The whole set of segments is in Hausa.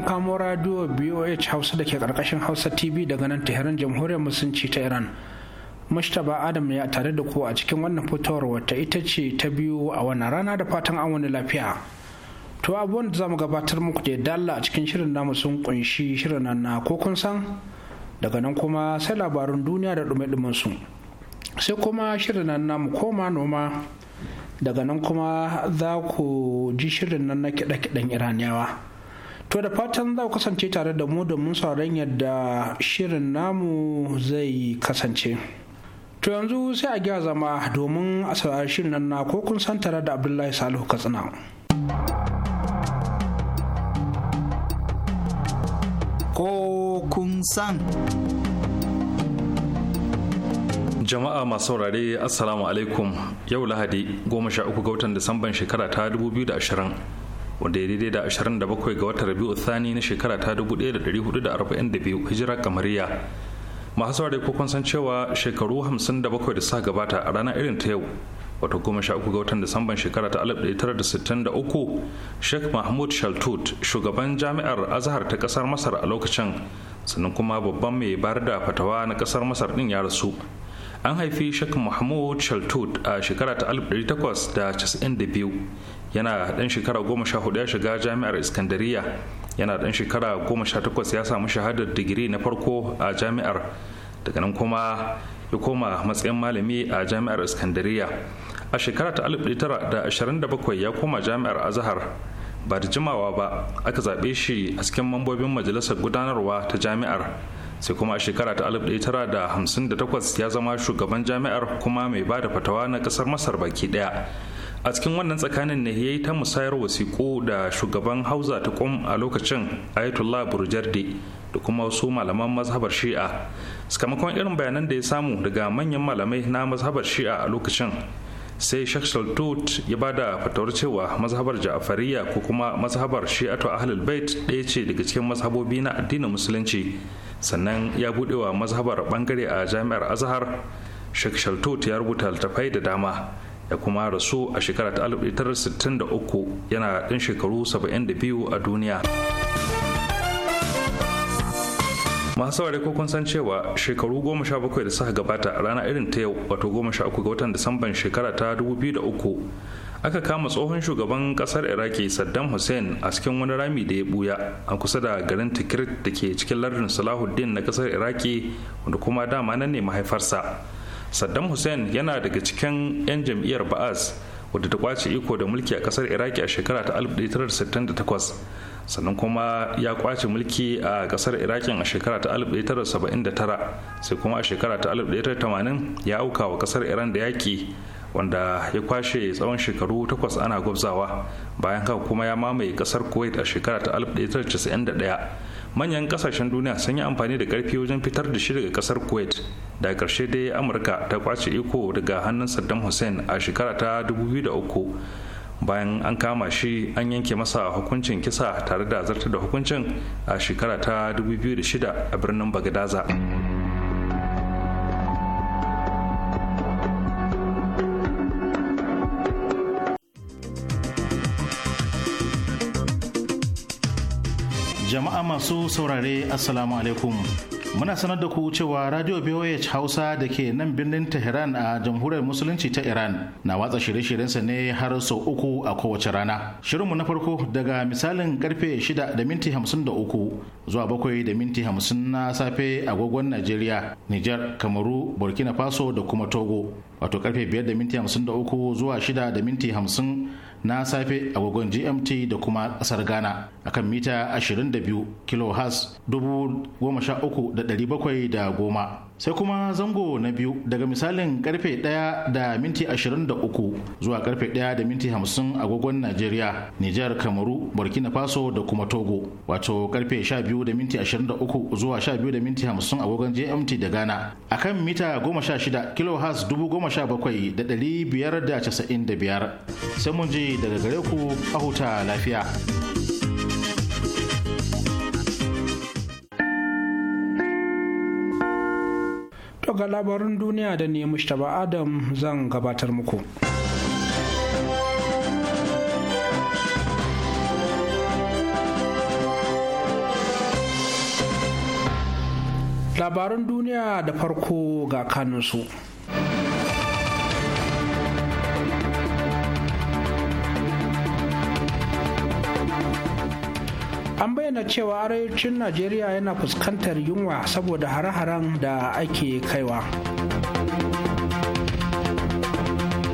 kun kamo radio boh hausa da ke karkashin hausa tv daga nan tehran jamhuriyar musulunci ta iran mushtaba adam ya tare da ku a cikin wannan fitowar wata ita ce ta biyu a wannan rana da fatan an wani lafiya to abubuwan da zamu gabatar muku da dalla a cikin shirin namu sun kunshi shirin nan na ko kun san daga nan kuma sai labarun duniya da dume su sai kuma shirin nan namu koma noma daga nan kuma za ku ji shirin nan na kiɗe-kiɗen iraniyawa To da fatan za ku kasance tare da mu domin sauran yadda shirin namu zai kasance. To yanzu sai a gyara zama domin a saurari shirin nan na ko kun san tare da Abdullahi Salihu Katsina. Ko kun san. jama'a masu saurare assalamu alaikum yau lahadi 13 ga watan disamban shekara ta 2020 wanda ya daidai da 27 ga watan rabiu thani na shekara ta 1442 hijira kamariya masu saurare ko kun san cewa shekaru 57 da suka gabata a ranar irin ta yau wato goma sha uku ga watan disamban shekara ta 1963 sheikh mahmud shaltut shugaban jami'ar azhar ta kasar masar a lokacin sannan kuma babban mai bayar da fatawa na kasar masar din ya rasu an haifi shak mahmud shaltut a shekara ta 1892 yana dan shekara goma ya shiga jami'ar iskandariya yana dan shekara goma ya samu shahadar digiri na farko a jami'ar daga nan kuma ya koma matsayin malami a jami'ar iskandariya a shekara ta 1927 ya koma jami'ar azahar ba da jimawa ba aka zaɓe shi a cikin mambobin majalisar gudanarwa ta jami'ar sai kuma a shekara ta 1958 ya zama shugaban jami'ar kuma mai ba da fatawa na kasar masar baki daya a cikin wannan tsakanin ne ya yi ta musayar wasiƙu da shugaban hausa ta kum a lokacin ayatollah burjardi da kuma wasu malaman mazhabar shi'a sakamakon irin bayanan da ya samu daga manyan malamai na mazhabar shi'a a lokacin sai sheikh ya ba da fatawar cewa mazhabar ja'afariya ko kuma mazhabar shi'atu ahlul bait ɗaya ce daga cikin mazhabobi na addinin musulunci sannan ya buɗe wa mazhabar bangare a jami'ar azhar sheikh ya rubuta littattafai da dama ya kuma rasu a shekara 1963 yana ɗan shekaru 72 a duniya masu saurare ko kun san cewa shekaru goma sha bakwai da suka gabata rana irin ta yau wato goma sha uku ga watan disamban shekara ta dubu biyu da uku aka kama tsohon shugaban kasar iraki saddam hussein a cikin wani rami da ya buya a kusa da garin tikrit da ke cikin lardin salahuddin na kasar iraki wanda kuma dama nan ne mahaifarsa saddam hussein yana daga cikin 'yan jam'iyyar ba'az wadda ta kwace iko da mulki a kasar iraki a shekara ta 1968 sannan kuma ya kwace mulki a kasar irakin a shekara ta 1979 sai kuma a shekara ta 1980 ya auka wa kasar iran da yaƙi wanda ya kwashe tsawon shekaru takwas ana gwabzawa bayan haka kuma ya mamaye kasar kuwait a shekara ta 1991 manyan kasashen duniya sun yi amfani da karfi wajen fitar da shi daga kasar kuwait da karshe dai amurka ta kwace iko daga hannun saddam hussein a shekara ta 2003 bayan an kama shi an yanke masa hukuncin kisa tare da zartar da hukuncin a shekara ta 2006 a birnin bagdaza jama'a masu saurare assalamu alaikum Muna sanar da ku cewa Radio BOH Hausa da ke nan birnin Tehran a Jamhuriyar Musulunci ta Iran na watsa shirye-shiryensa ne har sau uku a kowace rana. Shirinmu na farko daga misalin karfe 6 da minti 53 zuwa 7 da minti 50 na safe agogon Najeriya, Nijar, Kamaru, Burkina Faso da kuma Togo. Wato karfe 5 da minti 53 zuwa 6 da minti 50 na safe agogon GMT da kuma kasar Ghana. akan mita 22 kilohertz 13710 sai kuma zango na biyu daga misalin karfe 1 da minti 23 zuwa karfe 1 da minti 50 agogon nigeria Nijar, Kamaru, Burkina Faso da kuma Togo. Wato karfe 12 da minti 23 zuwa 12 da minti 50 agogon jmt da Ghana. A kan mita 16 kHz 17,595 sai mun ji daga gare ku a huta lafiya. To ga labarin duniya da ne Mustapha Adam zan gabatar muku. Labarin duniya da farko ga kanunsu. an bayyana cewa arewacin najeriya yana fuskantar yunwa saboda hare-haren da ake kaiwa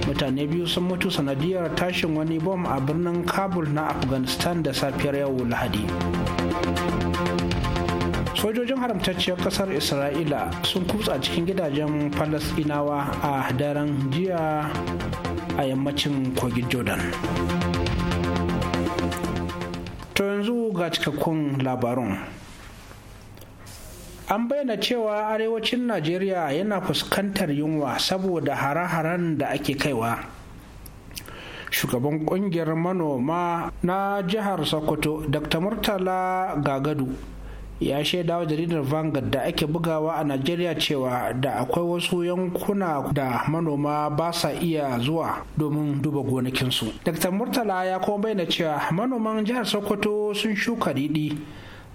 mutane biyu sun mutu sanadiyar tashin wani bom a birnin kabul na afghanistan da safiyar yau lahadi sojojin haramtacciyar kasar isra'ila sun kutsa cikin gidajen falasinawa a daren jiya a yammacin kogin jordan to yanzu ga cikakkun labarun an bayyana cewa arewacin najeriya yana fuskantar yunwa saboda hare-haren da ake kaiwa shugaban kungiyar manoma na jihar sokoto dr murtala gagadu ya shaida wa jaridar vangard da ake bugawa a Najeriya cewa da akwai wasu yankuna da manoma ba sa iya zuwa domin duba gonakinsu. Dr. Murtala ya kuma bayyana cewa manoman jihar Sokoto sun shuka riɗi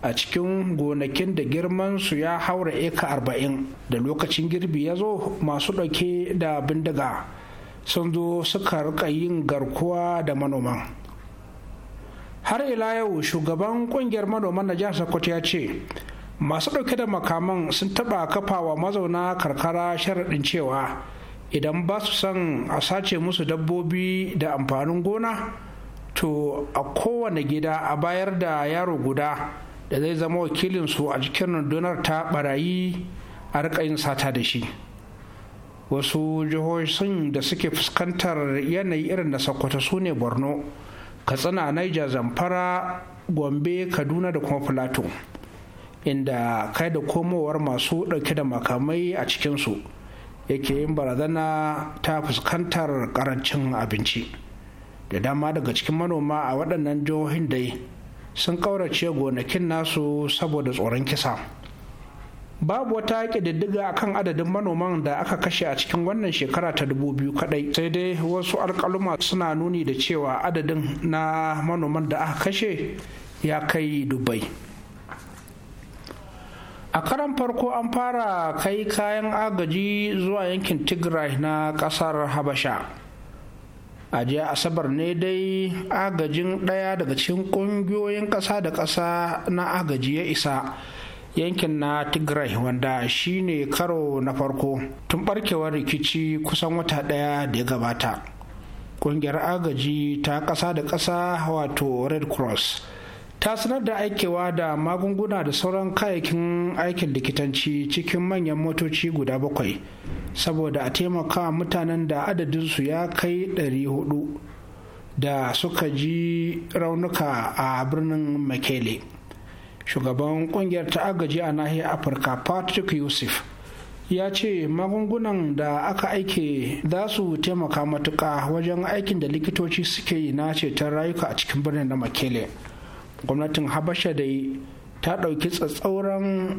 a cikin gonakin da girman su ya haura eka arba'in da lokacin girbi ya zo masu ɗauke da bindiga sun zo suka rika yin garkuwa da manoman. har ila yau shugaban kungiyar manoman na jihar sokoto ya ce masu ɗauke da makaman sun taɓa kafawa mazauna karkara sharaɗin cewa idan ba su son a sace musu dabbobi da amfanin gona to a kowane gida a bayar da yaro guda da zai zama wakilin su a cikin rundunar ta barayi a rika yin sata da shi wasu jihohin da suke fuskantar yanayi irin na sokoto su ne borno katsina niger zamfara gombe kaduna da kuma plateau inda kai da komowar masu ɗauke da makamai a cikinsu yake yin barazana ta fuskantar karancin abinci da dama daga cikin manoma a waɗannan jihohin dai sun ƙaurace gonakin nasu saboda tsoron kisa. babu wata ƙididdiga akan adadin manoman da aka kashe a cikin wannan shekara ta dubu biyu kadai sai dai wasu alkaluma suna nuni da cewa adadin na manoman da aka kashe ya kai dubai a karan farko an fara kai kayan agaji zuwa yankin tigray na kasar habasha a jiya asabar ne dai agajin ɗaya daga cikin ƙungiyoyin ƙasa da ƙasa na agaji ya isa yankin na tigray wanda shine karo na farko tun barkewar rikici kusan wata daya da ya gabata kungiyar agaji ta kasa da kasa wato red cross ta sanar da aikewa da magunguna da sauran kayayyakin aikin likitanci cikin manyan motoci guda bakwai saboda a taimaka mutanen da adadinsu ya kai 400 da suka ji raunuka a birnin makele. shugaban kungiyar ta agaji a nahiyar afirka patrick yusuf ya ce magungunan da aka aike za su taimaka matuka wajen aikin da likitoci suke yi na ceton rayuka a cikin birnin da makele gwamnatin habasha dai ta ɗauki tsatsauran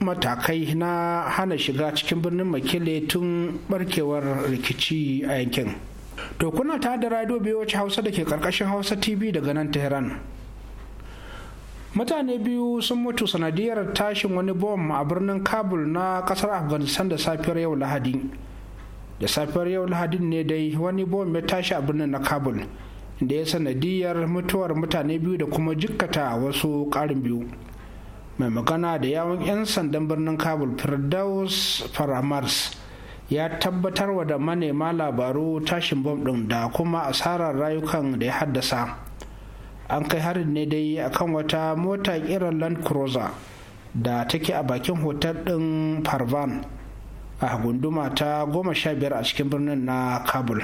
matakai na hana shiga cikin birnin makele tun barkewar rikici a yankin to kuna ta da radio biyu wacce hausa da ke karkashin hausa tv daga nan tehran mutane biyu sun mutu sanadiyar tashin wani bom a birnin kabul na kasar afghanistan da safiyar yau lahadi da safiyar yau lahadin ne dai wani bom ya tashi a birnin na kabul da ya sanadiyar mutuwar mutane biyu da kuma jikkata wasu karin biyu mai magana da yawon 'yan sandan birnin kabul firdaus faramars ya tabbatar wa da manema labaru tashin bom ɗin da kuma asarar rayukan da ya haddasa an kai harin ne dai akan wata mota kiran land cruiser da take a bakin hotel ɗin parvan a gunduma ta goma sha biyar a cikin birnin na kabul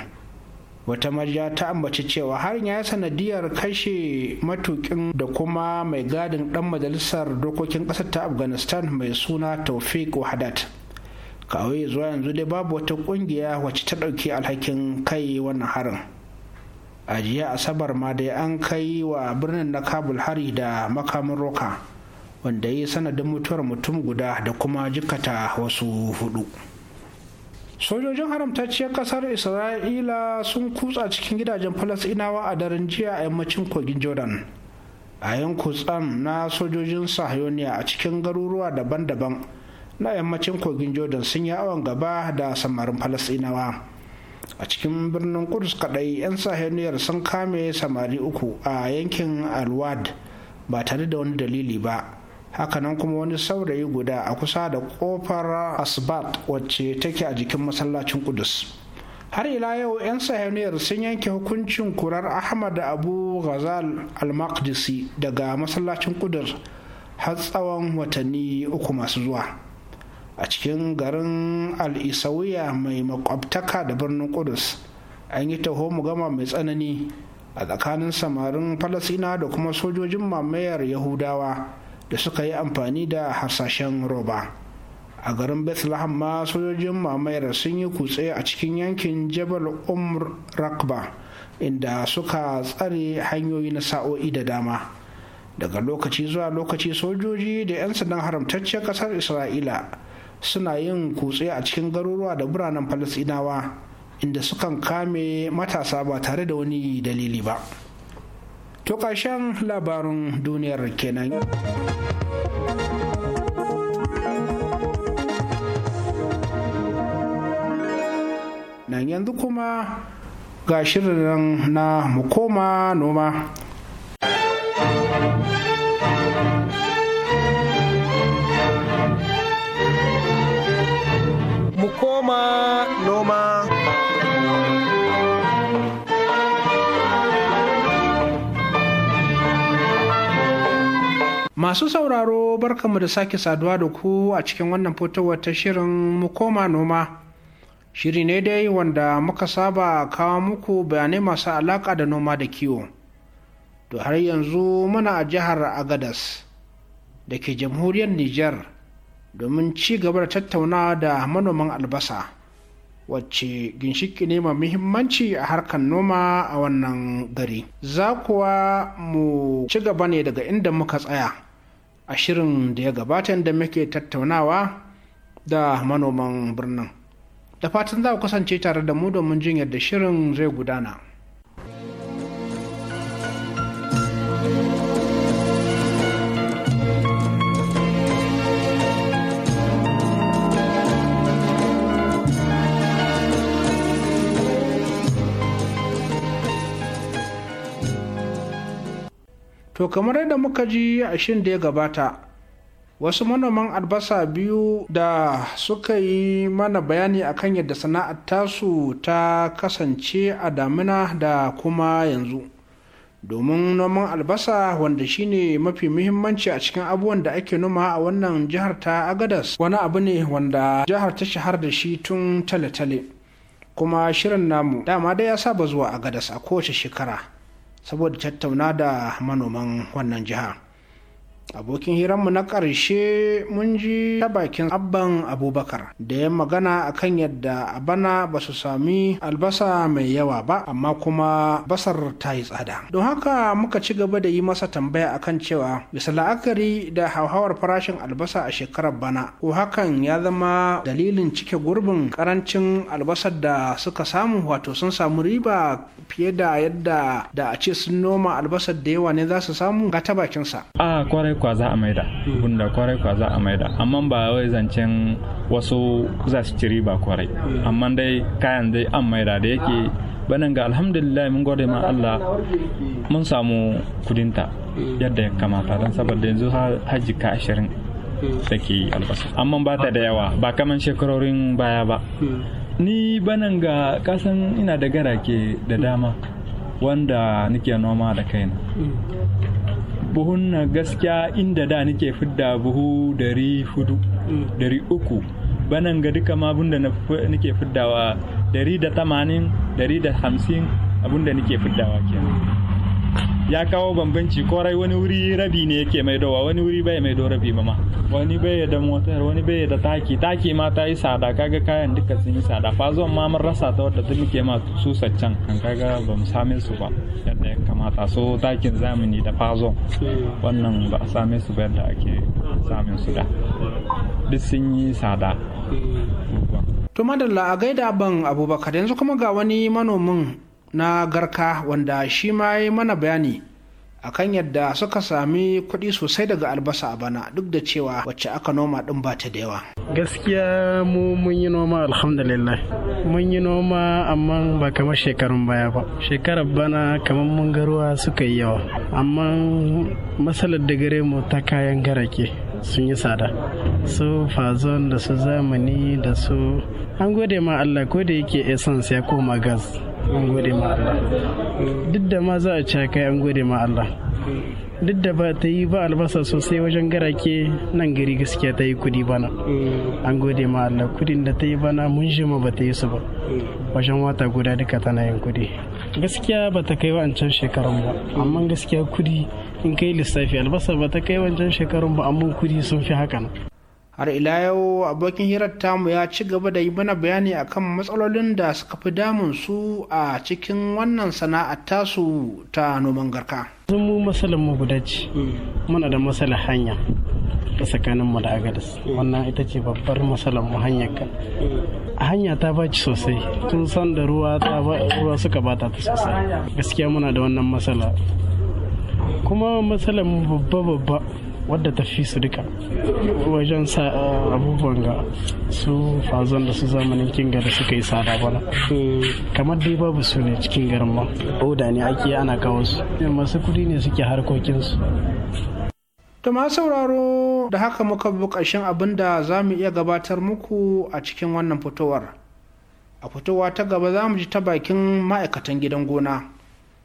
wata marja ta ambaci cewa harin ya yi sanadiyar kashe matukin da kuma mai gadin dan majalisar dokokin ƙasar ta afghanistan mai suna taufik wahadat kawai zuwa yanzu dai babu wata kungiya wacce ta ɗauki alhakin kai wannan harin a jiya asabar ma dai an kai wa birnin na kabul hari da makamin roka wanda ya yi sanadin mutuwar mutum guda da kuma jikata wasu hudu sojojin haramtacciyar kasar isra'ila sun kutsa cikin gidajen falasinawa a daren jiya a yammacin kogin jordan a yin kutsan na sojojin sahiyoniya a cikin garuruwa daban-daban na yammacin kogin jordan sun yi awon gaba da samarin falasinawa a cikin birnin kudus kadai 'yan saheniyar sun kame samari uku a yankin alwad ba tare da wani dalili ba hakanan kuma wani saurayi guda a kusa da kofar asbat wacce take a jikin masallacin kudus har ila yau 'yan sahaniyar sun yanke hukuncin kurar ahmad abu ghazal al-maqdisi daga masallacin kudus har tsawon watanni uku masu zuwa a cikin garin al'isawiya mai makwabtaka da birnin kudus an yi taho gama mai tsanani a tsakanin samarin falasina da kuma sojojin mamayar yahudawa da suka yi amfani da hasashen roba a garin bethlehem ma sojojin mamayar sun yi kutse a cikin yankin jabal umar rakba inda suka tsare hanyoyi na sa'o'i da dama daga lokaci zuwa lokaci sojoji da 'yan sandan haramtaccen ƙasar isra'ila suna yin kutse a cikin garuruwa da biranen falasinawa inda sukan kame matasa ba tare da wani dalili ba to ƙarshen labarin duniyar kenan nan yanzu kuma ga shirin na mu koma noma noma noma masu sauraro barkanmu da sake saduwa da ku a cikin wannan fitowar ta shirin mukoma noma shiri ne dai wanda muka saba kawo muku bayanai masu alaƙa da noma da kiwo to har yanzu muna a jihar agadas da ke jamhuriyar Nijar. domin ci gaba da tattaunawa da manoman albasa wacce ginshiki ne ma muhimmanci a harkar noma a wannan gari za kuwa mu ci gaba ne daga inda muka tsaya a shirin da ya gabata inda muke tattaunawa da manoman birnin da fatan za ku kasance tare da mu domin jin yadda shirin zai gudana. to kamar yadda muka ji a shin da ya gabata wasu manoman albasa biyu da suka yi mana bayani a kan yadda sana'ar tasu ta kasance a damina da kuma yanzu domin noman albasa wanda shine mafi muhimmanci a cikin abubuwan da ake noma a wannan jihar ta agadas wani abu ne wanda jihar ta shahar da shi tun tale-tale kuma shirin namu dama dai ya saba zuwa agadas a kowace shekara saboda tattauna da manoman wannan jiha abokin hiranmu na ƙarshe mun ji ta bakin abban abubakar da ya magana akan yadda a bana ba su sami albasa mai yawa ba amma kuma basar ta yi tsada don haka muka ci gaba da yi masa tambaya akan cewa bisa la'akari da hauhawar farashin albasa a shekarar bana ko hakan ya zama dalilin cike gurbin karancin albasar da suka samu wato sun samu riba fiye da yadda da a ce sun noma albasar da yawa ne za su samu ga ta bakinsa kwa za a maida hmm. bunda kwarai kwa za a maida amma ba wai zancen wasu za su ciri ba kwarai hmm. amma dai kayan dai an maida da yake banan ga alhamdulillah mun gode ma Allah mun samu kudinta hmm. yadda ya kamata don saboda yanzu hajji ka ashirin da ke albasa amma ba ta da yawa ba kaman shekarorin baya ba ni banan ga kasan ina da ke da dama wanda nake noma da kaina buhun na gaskiya inda da nake fidda buhu dari hudu dari uku banan ga duka ma abinda nake fiddawa dari da tamanin dari da hamsin abinda nake fiddawa kenan ya kawo bambanci ko rai wani wuri rabi ne yake mai dowa wani wuri bai maido rabi ba ma wani bai da motar wani bai da taki taki ma ta yi sada kaga kayan duka sun yi sada fazon ma mun rasa ta wadda ta muke ma su saccan kaga ba mu same su ba yadda ya kamata so takin zamani da fazon wannan ba a same su ba yadda ake same su da duk sun yi sada to madalla a gaida ban abubakar yanzu kuma ga wani manomin na garka wanda shi ma ya mana bayani a kan yadda suka sami kuɗi sosai daga albasa a bana duk da cewa wacce aka noma ɗin ba ta da yawa. Gaskiya mu mun yi noma alhamdulillah mun yi noma amma ba kamar shekarun baya ba shekarar bana kamar mun garuwa suka yi yawa amma matsalar da gare mu ta kayan garake sun yi tsada su fazon da su zamani da su an gode ma Allah ko da yake essence ya koma gas an gode ma Allah duk da ma za a ci kai an gode ma Allah duk da ba ta yi ba albasa sosai wajen garake nan gari gaskiya ta yi kudi bana an gode ma Allah kudin da ta yi bana mun ma ba ta yi su ba wajen wata guda duka tana yin kudi gaskiya ba ta kai wancan shekarun ba amma gaskiya kudi in kai lissafi albasa ba ta kai wancan shekarun ba amma kudi sun fi hakan har ila yau abokin hirar tamu ya ci gaba da yi mana bayani akan matsalolin da suka fi damun su a cikin wannan sana'a tasu ta noman garka sun mu matsalar mu guda ce hmm. muna da matsalar hanya ta tsakanin mu da agadis hmm. wannan ita ce babbar matsalar mu hanyar ka hmm. hanya ta baci sosai tun san da ruwa ta ba ruwa suka bata ta sosai gaskiya muna da wannan matsala kuma matsalar mu babba babba wadda ta fi su duka wajen sa eh, abubuwan ga su fazon da su zamanin kinga da suka yi sada bana kamar dai babu su ne cikin garin ma oda ne ake ana kawo su masu kudi ne suke harkokinsu To ma sauraro da haka muka bi ƙarshen abin da za mu iya gabatar muku a cikin wannan fitowar. A fitowa ta gaba za mu ji ta bakin ma'aikatan gidan gona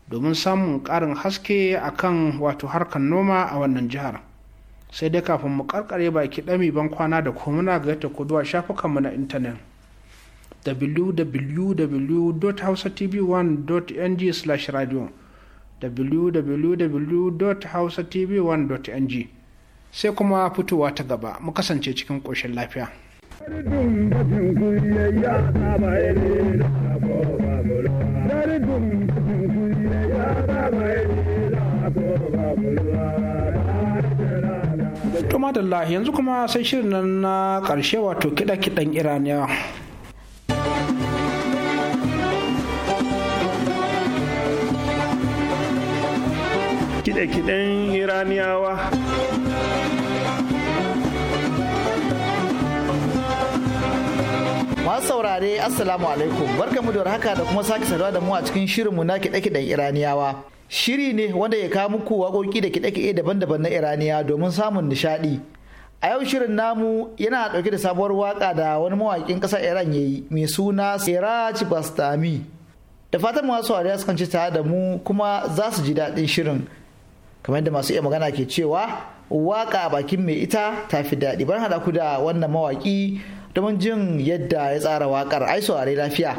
domin samun ƙarin haske akan wato harkar noma a wannan jihar. sai dai kafin mu karkare baki ɗami ban kwana da kuma muna ga ta kuduwa shafukanmu na intanet www.hausatv1.ng slash radio www.hausatv1.ng sai kuma fitowa ta gaba mu kasance cikin ƙoshin lafiya. Dari to madalla yanzu kuma sai shirin nan na karshe wato kiɗa-kiɗan iraniya kiɗe-kiɗen iraniyawa masu saurare assalamu alaikum barkamu da haka da kuma sake saduwa da mu a cikin shirinmu na kiɗe-kiɗen iraniyawa shiri ne wanda ya kawo muku waƙoƙi da kiɗe-kiɗe daban-daban na iraniya domin samun nishaɗi a yau shirin namu yana ɗauke da sabuwar waƙa da wani mawaƙin ƙasar iran ya yi mai suna seraj bastami da fatan masu wariya sukan ci tare da mu kuma za su ji daɗin shirin kamar yadda masu iya magana ke cewa waƙa a bakin mai ita ta fi daɗi bar haɗa ku da wannan mawaƙi domin jin yadda ya tsara waƙar ai saurari lafiya.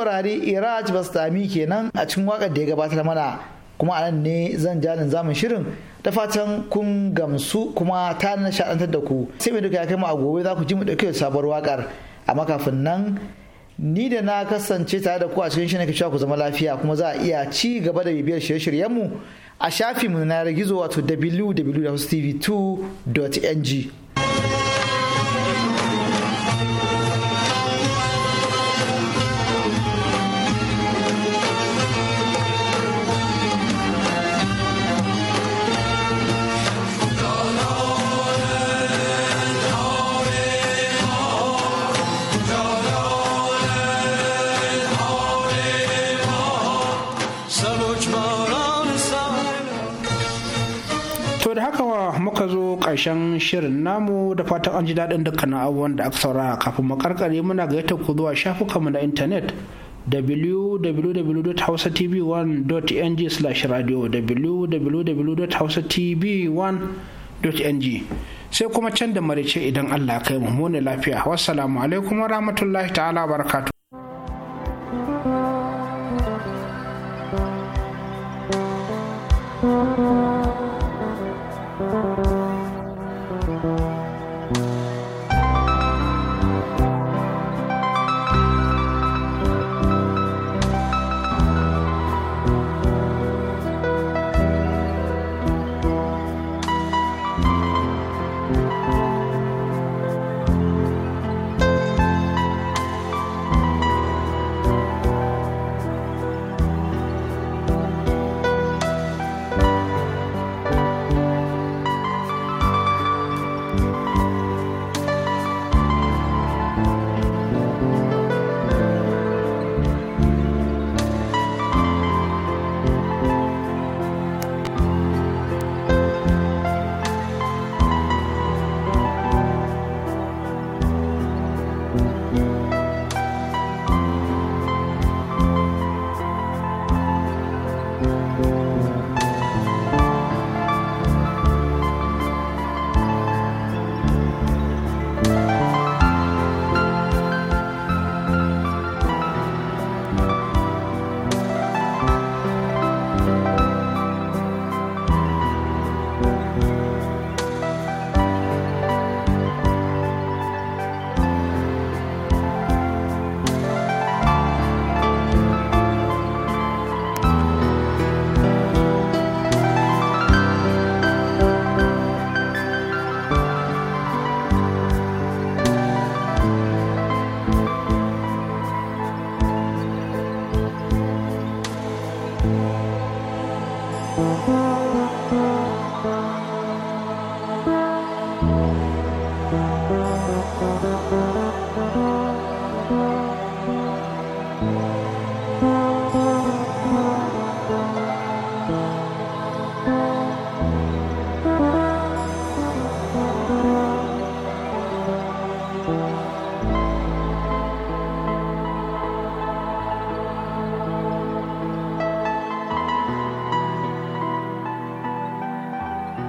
saurari iraj bastami kenan a cikin wakar da ya gabatar mana kuma a nan ne zan jalin zamun shirin da fatan kun gamsu kuma ta nishaɗantar da ku sai mai duka ya kai mu a gobe za ku ji mu ɗauke da sabuwar wakar amma kafin nan ni da na kasance tare da ku a cikin shirin ka ku zama lafiya kuma za a iya ci gaba da bibiyar shirye shiryen mu a shafinmu na gizo wato www.tv2.ng To da haka wa muka zo ƙarshen shirin namu da fatan an ji daɗin dukkanin abubuwan da aka saura, kafin mu karkare muna gayyata ku zuwa shafukanmu na intanet www.hausatv1.ng/radio www.hausatv1.ng sai kuma can da marice idan Allah kai mu lafiya wassalamu alaikum wa rahmatullahi ta'ala barakatu